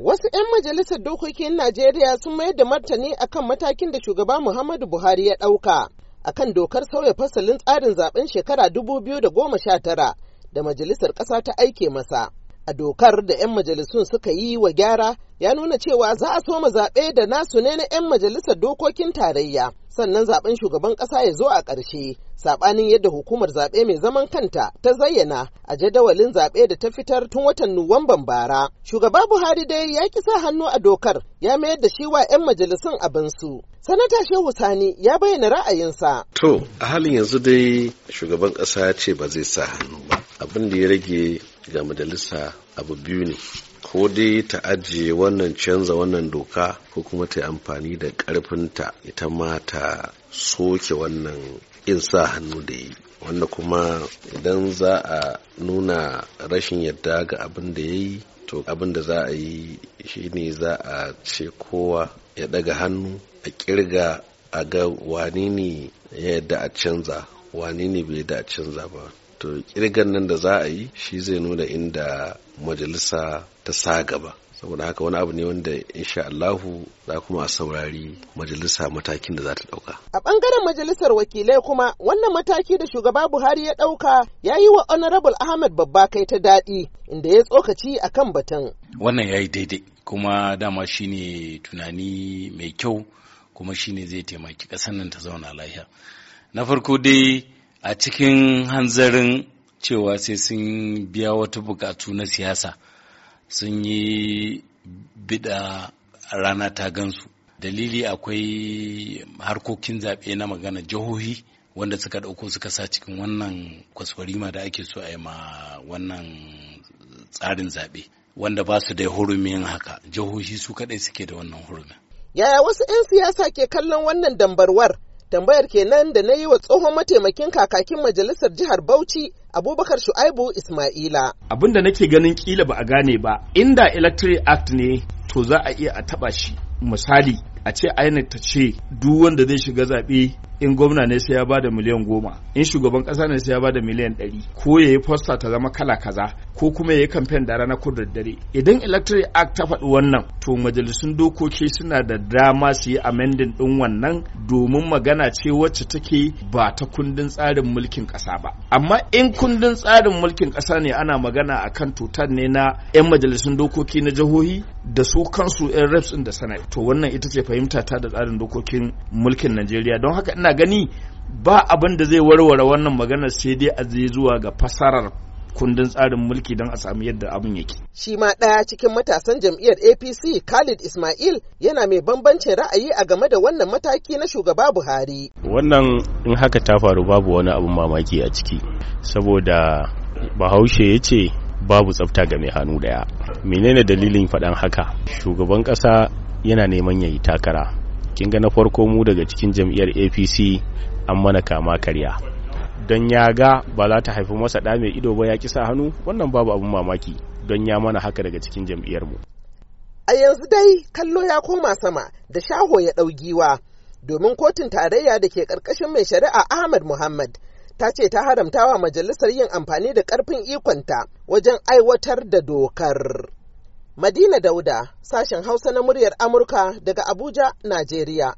Wasu 'yan majalisar dokokin Najeriya sun mayar da martani akan matakin da shugaba Muhammadu Buhari ya ɗauka akan dokar sauya fasalin tsarin zaben shekara 2019 da majalisar ƙasa ta aike masa. a dokar da 'yan majalisun suka yi wa gyara ya nuna cewa za a soma zaɓe da nasu ne na 'yan majalisar dokokin tarayya sannan zaɓen shugaban ƙasa ya zo a ƙarshe saɓanin yadda hukumar zaɓe mai zaman kanta ta zayyana a jadawalin zaɓe da ta fitar tun watan nuwamban bara shugaba buhari dai ya ki sa hannu a dokar ya mayar da shi wa 'yan majalisun abinsu sanata shehu sani ya bayyana ra'ayinsa to a halin yanzu dai shugaban ƙasa ya ce ba zai sa hannu ba abin da ya rage ga majalisa abu biyu ne ko dai ta ajiye wannan canza wannan doka ko kuma ta yi amfani da ƙarfinta ita ma ta soke wannan in sa hannu da yi wanda kuma idan za a nuna rashin yadda ga abin da ya yi to abin da za a yi shine za a ce kowa ya daga hannu a kirga a ga wani ne ya yadda a canza wani ne bai yadda a canza ba to kirgan nan da za a yi shi zai nuna inda majalisa ta sa gaba saboda haka wani abu ne wanda insha Allahu za kuma a saurari majalisa matakin da za ta dauka. A bangaren majalisar wakilai kuma wannan mataki da shugaba Buhari ya dauka ya yi wa Honorable Ahmed babba kai ta daɗi inda ya tsokaci a kan batun. Wannan ya yi daidai kuma dama shine tunani mai kyau kuma shine zai taimaki ƙasar nan ta zauna lafiya. Na farko dai a cikin hanzarin cewa sai sun biya wata bukatu na siyasa sun yi bida rana ta gansu dalili akwai harkokin zaɓe na magana jihohi wanda suka ɗauko suka sa cikin wannan kwaswarima da ake so a yi ma wannan tsarin zaɓe wanda ba su da hurumin haka jihohi su kaɗai suke da wannan hurumin yaya wasu 'yan siyasa ke kallon wannan dambarwar Tambayar kenan da na yi wa tsohon mataimakin kakakin majalisar jihar Bauchi Abubakar Shu'aibu Ismaila. Abin da nake ganin kila ba a gane ba, inda Electric Act ne to za a iya a taba shi. Misali, a ce INEC ta ce duk wanda zai shiga zaɓe in gwamna ne sai ya ba da miliyan goma in shugaban ƙasa ne sai ya ba da miliyan ɗari ko ya yi fosta ta zama kala kaza ko kuma ya yi kamfen da rana ko daddare idan electoral act ta faɗi wannan to majalisun dokoki suna da dama su yi amendin ɗin wannan domin magana ce wacce take ba ta kundin tsarin mulkin ƙasa ba amma in kundin tsarin mulkin ƙasa ne ana magana akan tutar ne na 'yan majalisun dokoki na jihohi da su kansu 'yan reps din da senate to wannan ita ce fahimta ta da tsarin dokokin mulkin najeriya don haka ina gani ba abin da zai warware wannan maganar sai dai a zai zuwa ga fasarar kundin tsarin mulki don a sami yadda abin yake. Shi ma ɗaya cikin matasan jam'iyyar APC Khalid Ismail yana mai bambancin ra'ayi a game da wannan mataki na shugaba Buhari. Wannan in haka ta faru babu wani abin mamaki a ciki saboda Bahaushe ya ce babu tsafta ga mai hannu ɗaya. menene dalilin faɗan haka shugaban ƙasa yana neman yayi takara kin ga na farko mu daga cikin jam'iyyar apc an mana kama karya don ya ga ba za ta haifi masa ɗa mai ido ba ya kisa hannu wannan babu abun mamaki don ya mana haka daga cikin jam'iyyar mu a yanzu dai kallo ya koma sama da shaho ya ɗau giwa domin kotun tarayya da ke ƙarƙashin mai shari'a ahmad muhammad ta ce ta haramta wa majalisar yin amfani da ƙarfin ikonta wajen aiwatar da dokar. Madina Dauda, sashen Hausa na muryar Amurka daga Abuja, Najeriya.